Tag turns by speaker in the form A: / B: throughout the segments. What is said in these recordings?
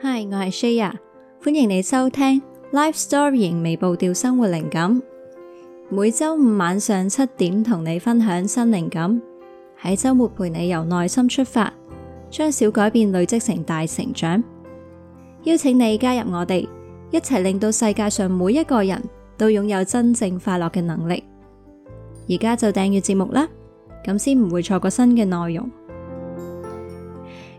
A: Hi，我係 Shia，歡迎你收聽 Life Story 微步調生活靈感，每周五晚上七點同你分享新靈感，喺周末陪你由內心出發，將小改變累積成大成長。邀請你加入我哋，一齊令到世界上每一個人都擁有真正快樂嘅能力。而家就訂閱節目啦，咁先唔會錯過新嘅內容。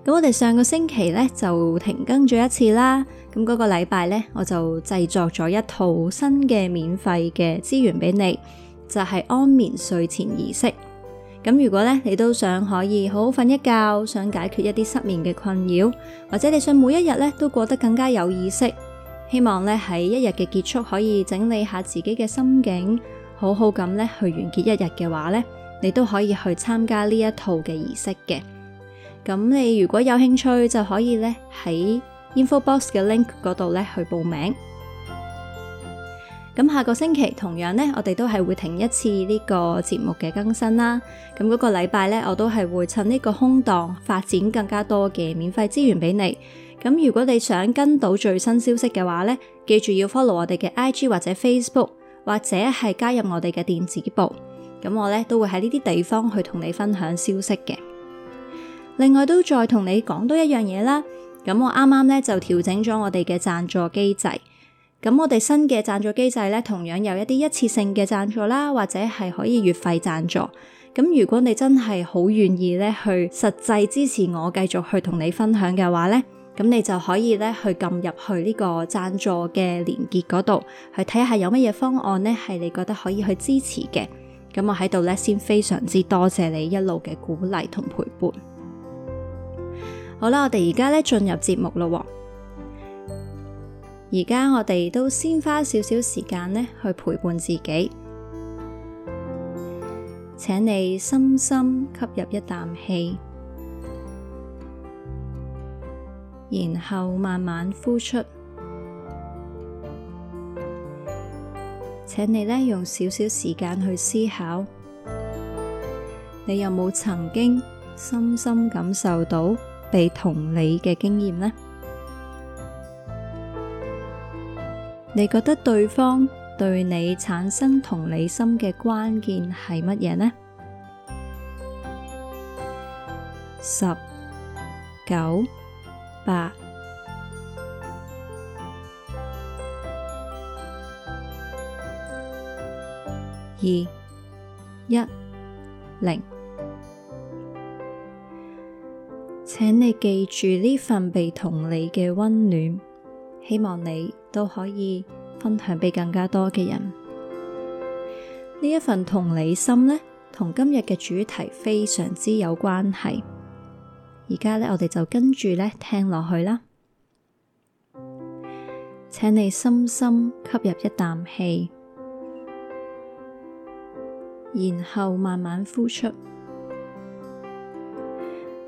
A: 咁我哋上個星期咧就停更咗一次啦，咁嗰個禮拜咧我就製作咗一套新嘅免費嘅資源俾你，就係安眠睡前儀式。咁如果咧你都想可以好好瞓一覺，想解決一啲失眠嘅困擾，或者你想每一日咧都過得更加有意識，希望咧喺一日嘅結束可以整理下自己嘅心境，好好咁咧去完結一日嘅話咧，你都可以去參加呢一套嘅儀式嘅。咁你如果有興趣，就可以咧喺 info box 嘅 link 嗰度咧去報名。咁下個星期同樣咧，我哋都係會停一次呢個節目嘅更新啦。咁嗰個禮拜咧，我都係會趁呢個空檔發展更加多嘅免費資源俾你。咁如果你想跟到最新消息嘅話咧，記住要 follow 我哋嘅 IG 或者 Facebook，或者係加入我哋嘅電子報。咁我咧都會喺呢啲地方去同你分享消息嘅。另外都再同你講多一樣嘢啦。咁我啱啱咧就調整咗我哋嘅贊助機制。咁我哋新嘅贊助機制咧，同樣有一啲一次性嘅贊助啦，或者係可以月費贊助。咁如果你真係好願意咧去實際支持我，繼續去同你分享嘅話咧，咁你就可以咧去撳入去呢個贊助嘅連結嗰度去睇下有乜嘢方案咧，係你覺得可以去支持嘅。咁我喺度咧先非常之多謝你一路嘅鼓勵同陪伴。好啦，我哋而家咧進入節目咯。而家我哋都先花少少時間呢去陪伴自己，請你深深吸入一啖氣，然後慢慢呼出。請你咧用少少時間去思考，你有冇曾經深深感受到？被同理嘅經驗呢？你覺得對方對你產生同理心嘅關鍵係乜嘢呢？十、九、八、二、一、零。請你記住呢份被同理嘅溫暖，希望你都可以分享俾更加多嘅人。呢一份同理心呢，同今日嘅主題非常之有關係。而家呢，我哋就跟住呢聽落去啦。請你深深吸入一啖氣，然後慢慢呼出。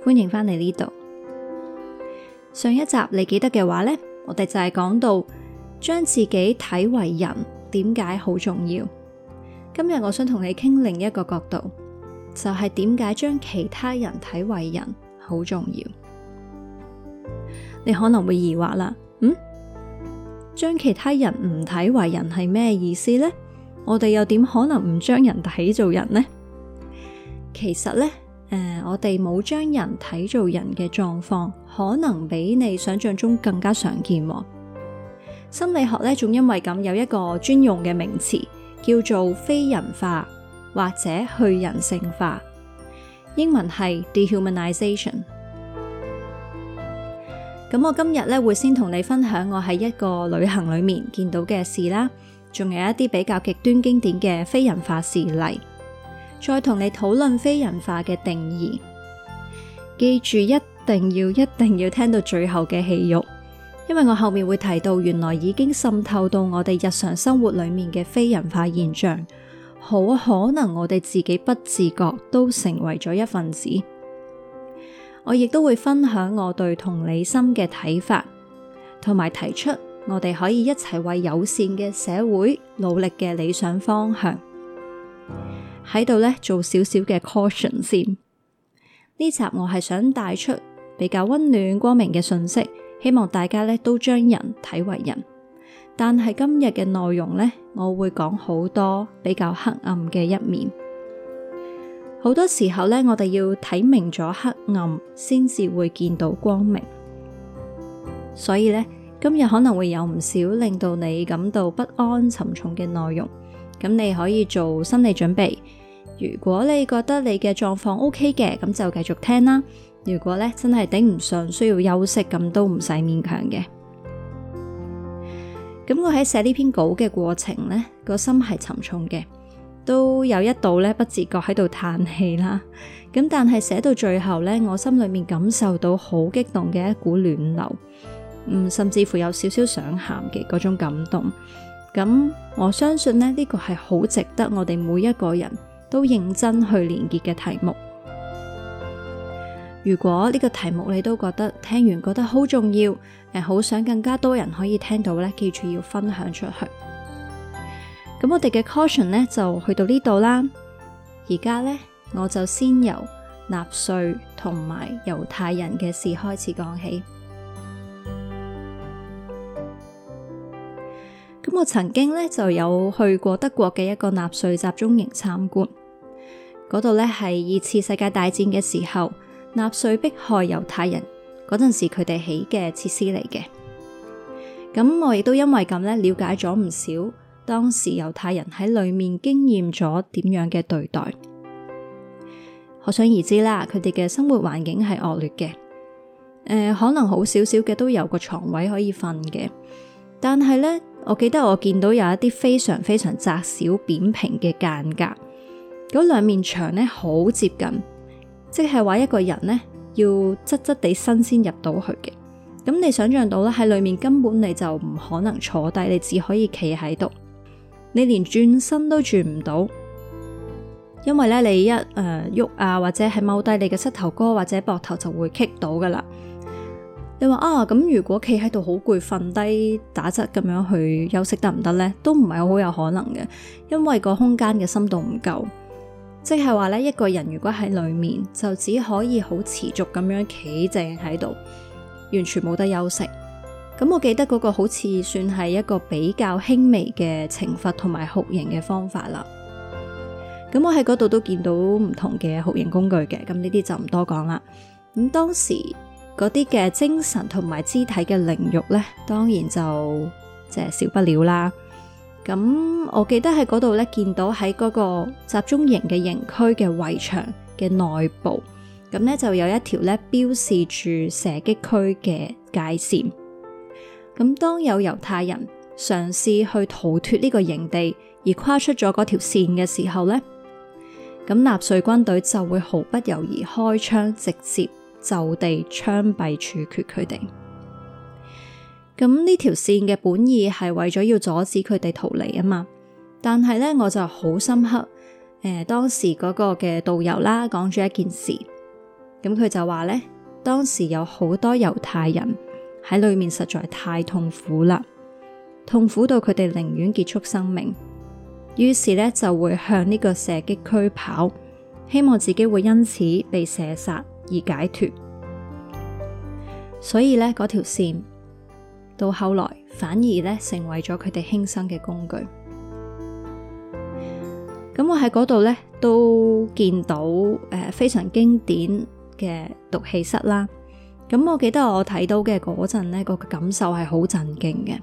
A: 歡迎返嚟呢度。上一集你記得嘅話呢，我哋就係講到將自己睇為人，點解好重要？今日我想同你傾另一個角度，就係點解將其他人睇為人好重要。你可能會疑惑啦，嗯，將其他人唔睇為人係咩意思呢？我哋又點可能唔將人睇做人呢？其實呢。誒，uh, 我哋冇將人睇做人嘅狀況，可能比你想象中更加常見。心理學呢，仲因為咁有一個專用嘅名詞，叫做非人化或者去人性化，英文係 dehumanization。咁我今日呢，會先同你分享我喺一個旅行裏面見到嘅事啦，仲有一啲比較極端經典嘅非人化事例。再同你討論非人化嘅定義，記住一定要一定要聽到最後嘅戲肉，因為我後面會提到原來已經滲透到我哋日常生活裏面嘅非人化現象，好可能我哋自己不自覺都成為咗一份子。我亦都會分享我對同理心嘅睇法，同埋提出我哋可以一齊為友善嘅社會努力嘅理想方向。喺度咧做少少嘅 caution 先。呢集我係想帶出比較溫暖光明嘅信息，希望大家咧都將人睇為人。但係今日嘅內容呢，我會講好多比較黑暗嘅一面。好多時候呢，我哋要睇明咗黑暗，先至會見到光明。所以呢，今日可能會有唔少令到你感到不安沉重嘅內容。咁你可以做心理準備。如果你覺得你嘅狀況 OK 嘅，咁就繼續聽啦。如果咧真係頂唔順，需要休息，咁都唔使勉強嘅。咁我喺寫呢篇稿嘅過程呢，個心係沉重嘅，都有一度咧不自覺喺度嘆氣啦。咁但係寫到最後呢，我心裏面感受到好激動嘅一股暖流，嗯，甚至乎有少少想喊嘅嗰種感動。咁我相信呢，呢、呢個係好值得我哋每一個人都認真去連結嘅題目。如果呢個題目你都覺得聽完覺得好重要，誒，好想更加多人可以聽到呢，記住要分享出去。咁我哋嘅 caution 呢，就去到呢度啦。而家呢，我就先由納粹同埋猶太人嘅事開始講起。我曾經咧就有去過德國嘅一個納粹集中營參觀，嗰度咧係二次世界大戰嘅時候納粹迫害猶太人嗰陣時佢哋起嘅設施嚟嘅。咁我亦都因為咁呢，了解咗唔少當時猶太人喺裏面經驗咗點樣嘅對待，可想而知啦，佢哋嘅生活環境係惡劣嘅。誒、呃，可能好少少嘅都有個床位可以瞓嘅，但係呢。我記得我見到有一啲非常非常窄小扁平嘅間隔，嗰兩面牆咧好接近，即係話一個人咧要側側地身先入到去嘅。咁你想象到啦，喺裏面根本你就唔可能坐低，你只可以企喺度，你連轉身都轉唔到，因為咧你一誒喐、呃、啊，或者係踎低你嘅膝頭哥或者膊頭就會棘到噶啦。你話啊，咁如果企喺度好攰，瞓低打側咁樣去休息得唔得呢？都唔係好有可能嘅，因為個空間嘅深度唔夠，即係話呢，一個人如果喺裏面，就只可以好持續咁樣企正喺度，完全冇得休息。咁我記得嗰個好似算係一個比較輕微嘅懲罰同埋酷刑嘅方法啦。咁我喺嗰度都見到唔同嘅酷刑工具嘅，咁呢啲就唔多講啦。咁當時。嗰啲嘅精神同埋肢體嘅凌辱呢，當然就即係少不了啦。咁我記得喺嗰度呢，見到喺嗰個集中營嘅營區嘅圍牆嘅內部，咁呢就有一條呢標示住射擊區嘅界線。咁當有猶太人嘗試去逃脫呢個營地而跨出咗嗰條線嘅時候呢，咁納粹軍隊就會毫不猶豫開槍，直接，就地槍斃處決佢哋。咁呢條線嘅本意係為咗要阻止佢哋逃離啊嘛，但係呢，我就好深刻誒、呃，當時嗰個嘅導遊啦講咗一件事，咁佢就話呢，當時有好多猶太人喺裏面實在太痛苦啦，痛苦到佢哋寧願結束生命，於是呢，就會向呢個射擊區跑，希望自己會因此被射殺。而解脫，所以咧，嗰條線到後來反而咧成為咗佢哋輕生嘅工具。咁我喺嗰度咧都見到誒、呃、非常經典嘅毒氣室啦。咁我記得我睇到嘅嗰陣咧，個感受係好震驚嘅。誒、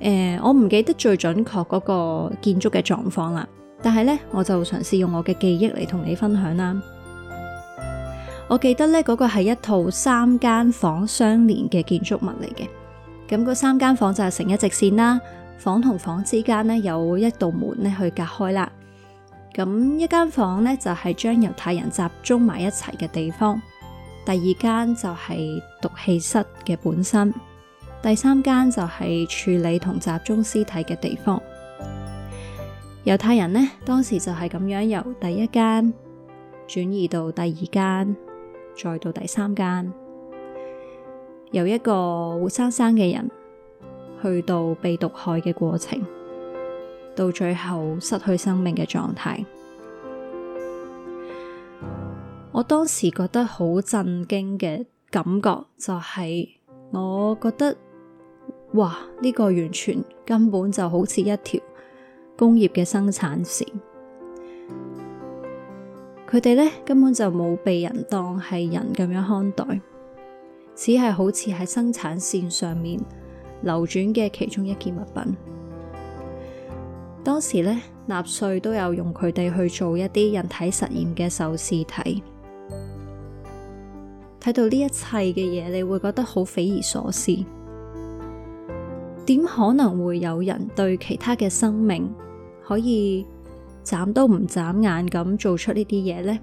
A: 呃，我唔記得最準確嗰個建築嘅狀況啦，但係咧我就嘗試用我嘅記憶嚟同你分享啦。我記得咧嗰，那個係一套三間房相連嘅建築物嚟嘅，咁嗰三間房就係成一直線啦，房同房之間呢，有一道門咧去隔開啦。咁一間房咧就係、是，將猶太人集中埋一齊嘅地方，第二間就係毒氣室嘅本身，第三間就係處理同集中屍體嘅地方。猶太人呢，當時就係咁樣由第一間轉移到第二間。再到第三間，由一個活生生嘅人，去到被毒害嘅過程，到最後失去生命嘅狀態。我當時覺得好震驚嘅感覺、就是，就係我覺得，哇！呢、這個完全根本就好似一條工業嘅生產線。佢哋咧根本就冇被人當係人咁樣看待，只係好似喺生產線上面流轉嘅其中一件物品。當時咧，納粹都有用佢哋去做一啲人體實驗嘅受試體。睇到呢一切嘅嘢，你會覺得好匪夷所思，點可能會有人對其他嘅生命可以？眨都唔眨眼咁做出呢啲嘢呢？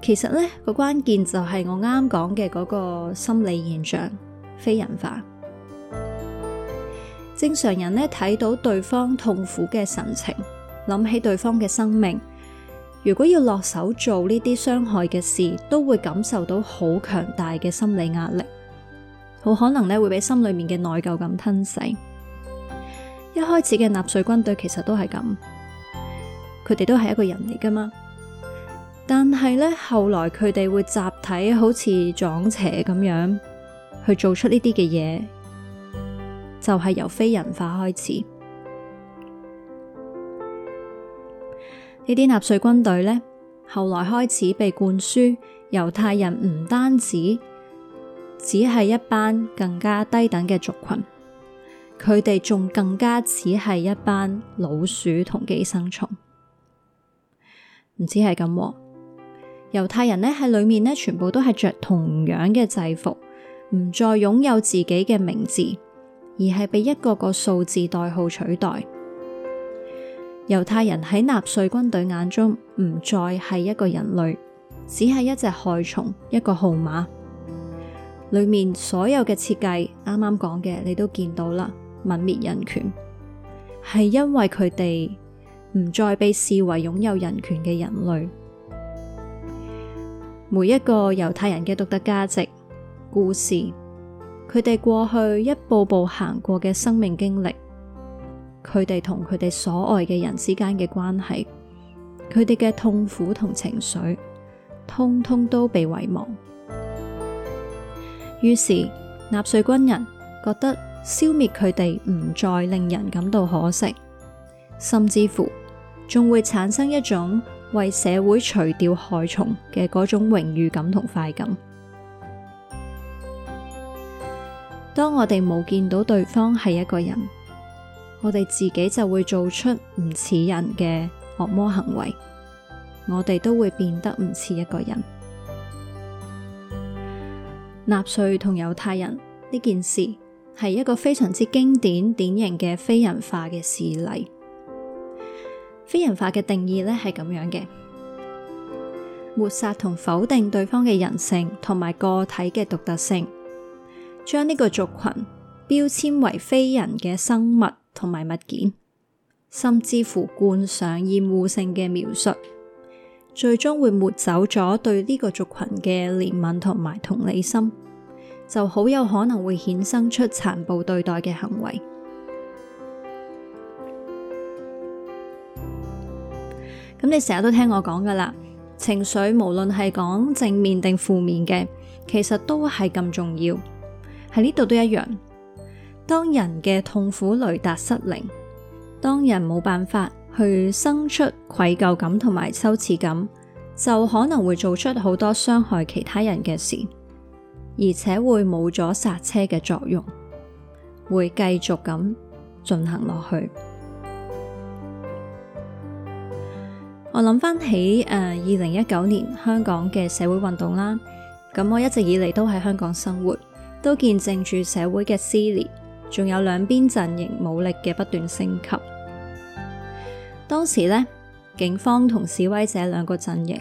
A: 其實呢，個關鍵就係我啱講嘅嗰個心理現象非人化。正常人呢，睇到對方痛苦嘅神情，諗起對方嘅生命，如果要落手做呢啲傷害嘅事，都會感受到好強大嘅心理壓力，好可能呢會俾心裏面嘅內疚感吞噬。一開始嘅納粹軍隊其實都係咁，佢哋都係一個人嚟噶嘛。但係呢，後來佢哋會集體好似撞邪咁樣去做出呢啲嘅嘢，就係由非人化開始。呢啲納粹軍隊呢，後來開始被灌輸猶太人唔單止只係一班更加低等嘅族群。佢哋仲更加似係一班老鼠同寄生蟲，唔止係咁。猶太人呢喺裏面呢，全部都係着同樣嘅制服，唔再擁有自己嘅名字，而係被一個個數字代號取代。猶太人喺納粹軍隊眼中，唔再係一個人類，只係一隻害蟲，一個號碼。裏面所有嘅設計，啱啱講嘅，你都見到啦。泯滅人權，係因為佢哋唔再被視為擁有人權嘅人類。每一個猶太人嘅獨特價值、故事，佢哋過去一步步行過嘅生命經歷，佢哋同佢哋所愛嘅人之間嘅關係，佢哋嘅痛苦同情緒，通通都被遺忘。於是納粹軍人覺得。消滅佢哋唔再令人感到可惜，甚至乎仲會產生一種為社會除掉害蟲嘅嗰種榮譽感同快感。當我哋冇見到對方係一個人，我哋自己就會做出唔似人嘅惡魔行為，我哋都會變得唔似一個人。納粹同猶太人呢件事，係一個非常之經典、典型嘅非人化嘅事例。非人化嘅定義呢係咁樣嘅：抹殺同否定對方嘅人性同埋個體嘅獨特性，將呢個族群標籤為非人嘅生物同埋物件，甚至乎冠上厭惡性嘅描述，最終會抹走咗對呢個族群嘅憐憫同埋同理心。就好有可能會衍生出殘暴對待嘅行為。咁 你成日都聽我講噶啦，情緒無論係講正面定負面嘅,其實都係咁重要。喺呢度都一樣。當人嘅痛苦雷達失靈，當人冇辦法去生出愧疚感同埋羞恥感，就可能會做出好多傷害其他人嘅事。而且會冇咗剎車嘅作用，會繼續咁進行落去。我諗翻起誒，二零一九年香港嘅社會運動啦，咁我一直以嚟,都喺香港生活，都見證住社會嘅撕裂，仲有兩邊陣營武力嘅不斷升級。當時呢，警方同示威者兩個陣營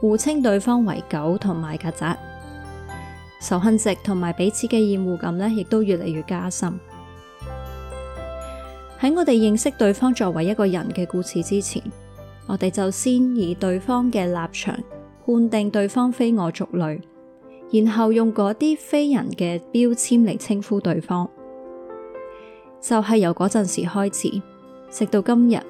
A: 互稱對方為狗同埋曱甴。仇恨值同埋彼此嘅厭惡感呢，亦都越嚟越加深。喺我哋認識對方作為一個人嘅故事之前，我哋就先以對方嘅立場判定對方非我族類，然後用嗰啲非人嘅標籤嚟稱呼對方。就係由嗰陣時開始，直到今日，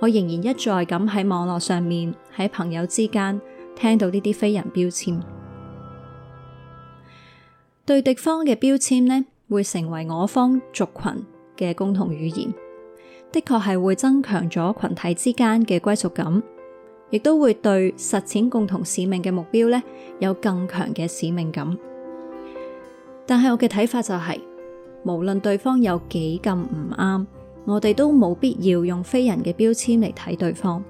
A: 我仍然一再咁喺網絡上面，喺朋友之間聽到呢啲非人標籤。對敵方嘅標籤咧，會成為我方族群嘅共同語言，的確係會增強咗群體之間嘅歸屬感，亦都會對實踐共同使命嘅目標咧有更強嘅使命感。但係我嘅睇法就係，無論對方有幾咁唔啱，我哋都冇必要用非人嘅標籤嚟睇對方。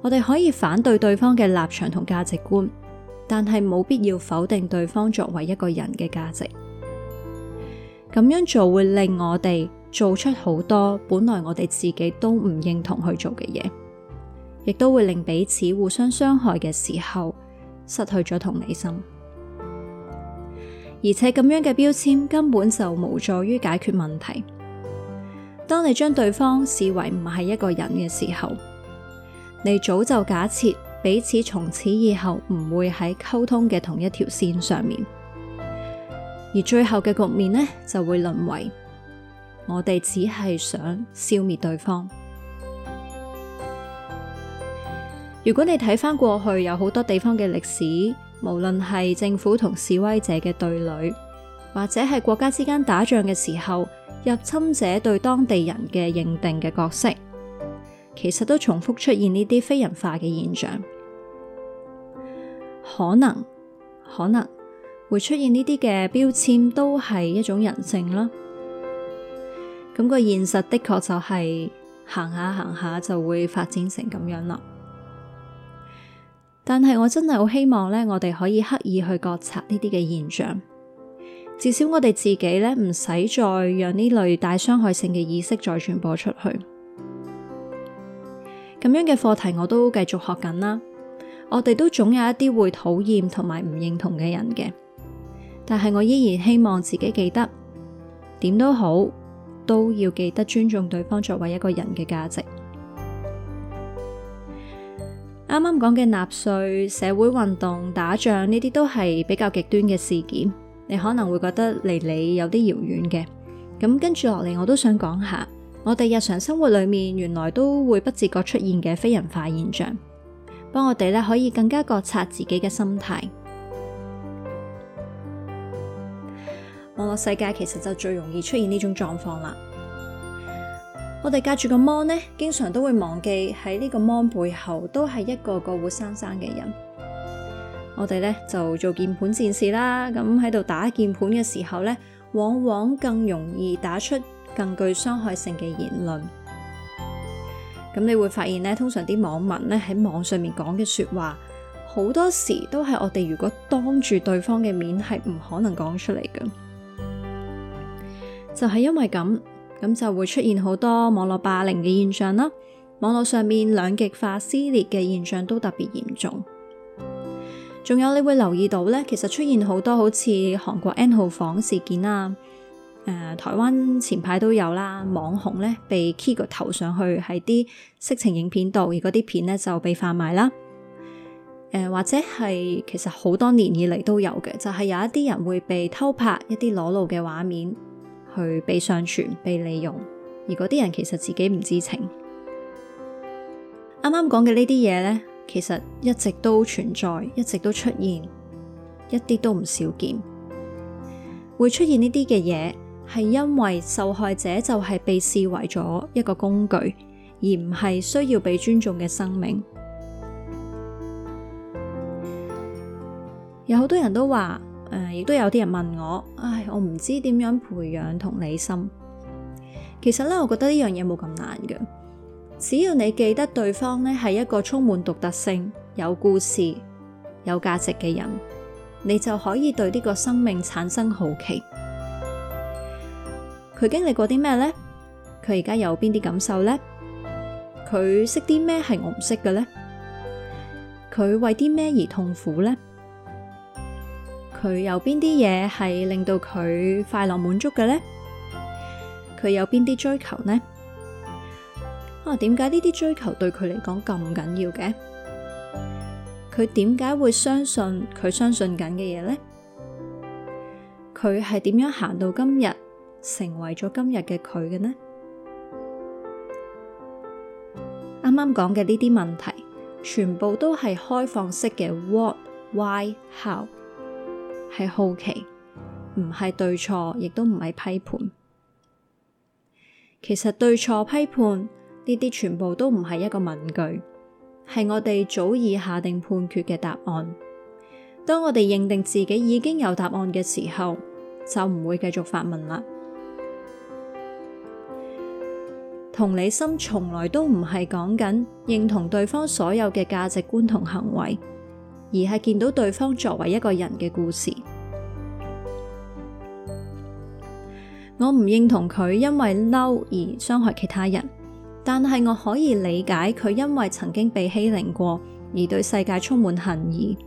A: 我哋可以反對對方嘅立場同價值觀。但係冇必要否定對方作為一個人嘅價值，咁樣做會令我哋做出好多本來我哋自己都唔認同去做嘅嘢，亦都會令彼此互相傷害嘅時候失去咗同理心。而且咁樣嘅標籤根本就無助於解決問題。當你將對方視為唔係一個人嘅時候，你早就假設。彼此從此以後唔會喺溝通嘅同一條線上面，而最後嘅局面呢，就會淪為我哋只係想消滅對方。如果你睇翻過去有好多地方嘅歷史，無論係政府同示威者嘅對壘，或者係國家之間打仗嘅時候，入侵者對當地人嘅認定嘅角色，其實都重複出現呢啲非人化嘅現象。可能，可能會出現呢啲嘅標籤，都係一種人性啦。咁個現實的確就係，行下行下就會發展成咁樣啦。但係我真係好希望呢，我哋可以刻意去覺察呢啲嘅現象，至少我哋自己呢，唔使再讓呢類大傷害性嘅意識再傳播出去。咁樣嘅課題我都繼續學緊啦。我哋都總有一啲會討厭同埋唔認同嘅人嘅，但係我依然希望自己記得，點都好都要記得尊重對方作為一個人嘅價值。啱啱講嘅納粹、社會運動、打仗呢啲都係比較極端嘅事件，你可能會覺得離你有啲遙遠嘅。咁跟住落嚟，我都想講下我哋日常生活裏面原來都會不自覺出現嘅非人化現象。幫我哋咧可以更加覺察自己嘅心態。網絡世界其實就最容易出現呢種狀況啦。我哋隔住個 mon 咧，經常都會忘記喺呢個 mon 背後都係一個個活生生嘅人。我哋咧就做鍵盤戰士啦，咁喺度打鍵盤嘅時候咧，往往更容易打出更具傷害性嘅言論。咁你會發現咧，通常啲網民咧喺網上面講嘅說話，好多時都係我哋如果當住對方嘅面係唔可能講出嚟嘅，就係因為咁，咁就會出現好多網絡霸凌嘅現象啦。網絡上面兩極化撕裂嘅現象都特別嚴重，仲有你會留意到咧，其實出現好多好似韓國 N 號房事件啊。誒、呃，台灣前排都有啦，網紅咧被 k 切個頭上去喺啲色情影片度，而嗰啲片咧就被販賣啦。誒、呃，或者係其實好多年以嚟，都有嘅，就係、是、有一啲人會被偷拍一啲裸露嘅畫面，去被上傳、被利用，而嗰啲人其實自己唔知情。啱啱講嘅呢啲嘢咧，其實一直都存在，一直都出現，一啲都唔少見，會出現呢啲嘅嘢。係因為受害者就係被視為咗一個工具，而唔係需要被尊重嘅生命。 有好多人都話，誒、呃，亦都有啲人問我，唉，我唔知點樣培養同理心。其實咧，我覺得呢樣嘢冇咁難嘅，只要你記得對方呢係一個充滿獨特性、有故事、有價值嘅人，你就可以對呢個生命產生好奇。佢經歷過啲咩咧？佢而家有邊啲感受咧？佢識啲咩係我唔識嘅咧？佢為啲咩而痛苦咧？佢有邊啲嘢係令到佢快樂滿足嘅咧？佢有邊啲追求呢？啊，點解呢啲追求對佢嚟講咁緊要嘅？佢點解會相信佢相信緊嘅嘢咧？佢係點樣行到今日？成為咗今日嘅佢嘅呢？啱啱講嘅呢啲問題，全部都係開放式嘅。What, Why, How 係好奇，唔係對錯，亦都唔係批判。其實對錯批判呢啲，全部都唔係一個問句，係我哋早已下定判決嘅答案。當我哋認定自己已經有答案嘅時候，就唔會繼續發問啦。同理心從來都唔係講緊認同對方所有嘅價值觀同行為，而係見到對方作為一個人嘅故事。我唔認同佢因為嬲，而傷害其他人，但係我可以理解佢因為曾經被欺凌過而對世界充滿恨意。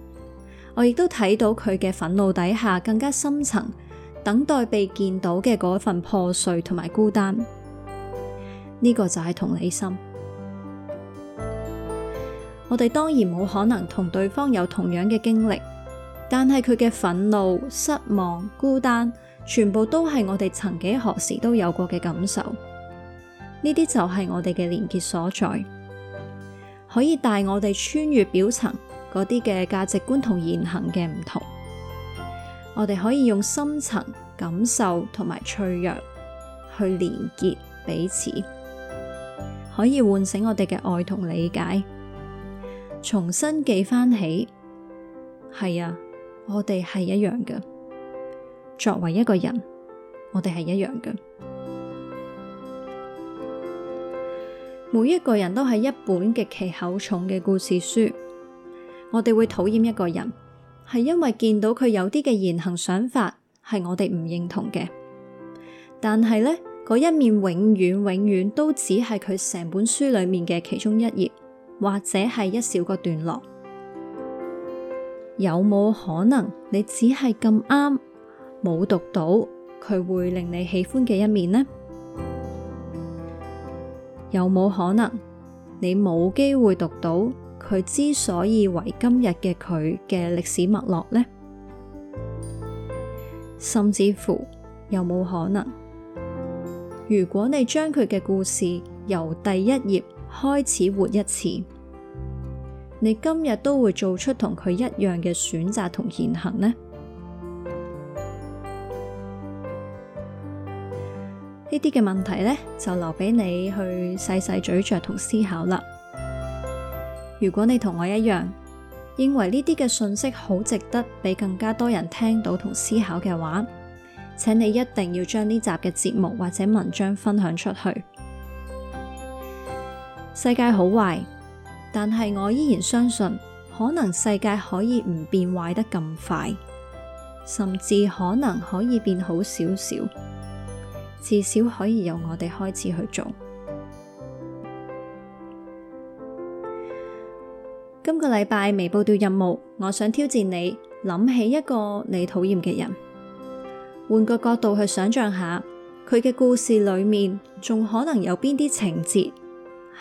A: 我亦都睇到佢嘅憤怒底下更加深層，等待被見到嘅嗰份破碎同埋孤單。呢個就係同理心。我哋當然冇可能同對方有同樣嘅經歷，但係佢嘅憤怒、失望、孤單，全部都係我哋曾幾何時都有過嘅感受。呢啲就係我哋嘅連結所在，可以帶我哋穿越表層嗰啲嘅價值觀同言行嘅唔同。我哋可以用深層感受同埋脆弱去連結彼此。可以喚醒我哋嘅愛同理解，重新記翻起。係啊，我哋係一樣嘅。作為一個人，我哋係一樣嘅。每一個人都係一本極其厚重嘅故事書。我哋會討厭一個人，係因為見到佢有啲嘅言行想法係我哋唔認同嘅。但係呢。嗰一面永遠永遠都只係佢成本書裏面嘅其中一頁，或者係一小個段落。有冇可能你只係咁啱冇讀到佢會令你喜歡嘅一面呢？有冇可能你冇機會讀到佢之所以為今日嘅佢嘅歷史脈絡呢？甚至乎有冇可能？如果你將佢嘅故事由第一頁開始活一次，你今日都會做出同佢一樣嘅選擇同言行呢？呢啲嘅問題呢，就留畀你去細細咀嚼同思考啦。如果你同我一樣認為呢啲嘅訊息好值得俾更加多人聽到同思考嘅話，請你一定要將呢集嘅節目或者文章分享出去。世界好壞，但係我依然相信，可能世界可以唔變壞得咁快，甚至可能可以變好少少，至少可以由我哋開始去做。今個禮拜未報導任務，我想挑戰你，諗起一個你討厭嘅人。換個角度去想象下，佢嘅故事裏面仲可能有邊啲情節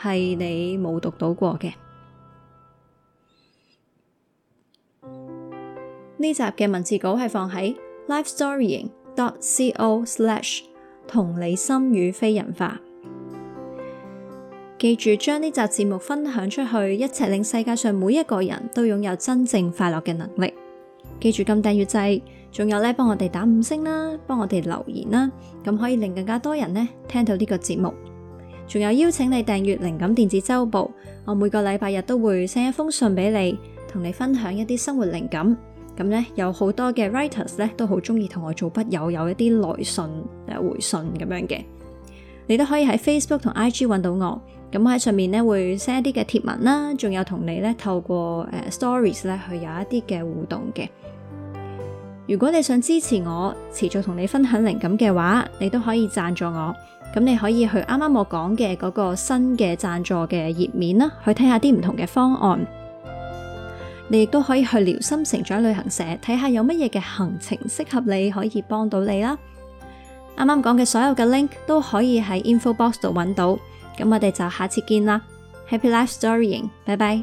A: 係你冇讀到過嘅？呢集嘅文字稿係放喺 LifeStorying.co/slash 同理心與非人化。記住將呢集節目分享出去，一齊令世界上每一個人都擁有真正快樂嘅能力。記住撳訂閱掣。仲有咧，幫我哋打五星啦，幫我哋留言啦，咁可以令更加多人咧聽到呢個節目。仲有邀請你訂閱靈感電子周報，我每個禮拜日都會 send 一封信俾你，同你分享一啲生活靈感。咁咧有好多嘅 writers 咧都好中意同我做筆友，有一啲來信誒回信咁樣嘅。你都可以喺 Facebook 同 IG 揾到我，咁喺上面咧會 send 一啲嘅貼文啦，仲有同你咧透過誒、uh, stories 咧去有一啲嘅互動嘅。如果你想支持我，持續同你分享靈感嘅話，你都可以贊助我。咁你可以去啱啱我講嘅嗰個新嘅贊助嘅頁面啦，去睇下啲唔同嘅方案。你亦都可以去聊心成長旅行社睇下有乜嘢嘅行程適合你，可以幫到你啦。啱啱講嘅所有嘅 link 都可以喺 info box 度揾到。咁我哋就下次見啦。Happy life storying，拜拜。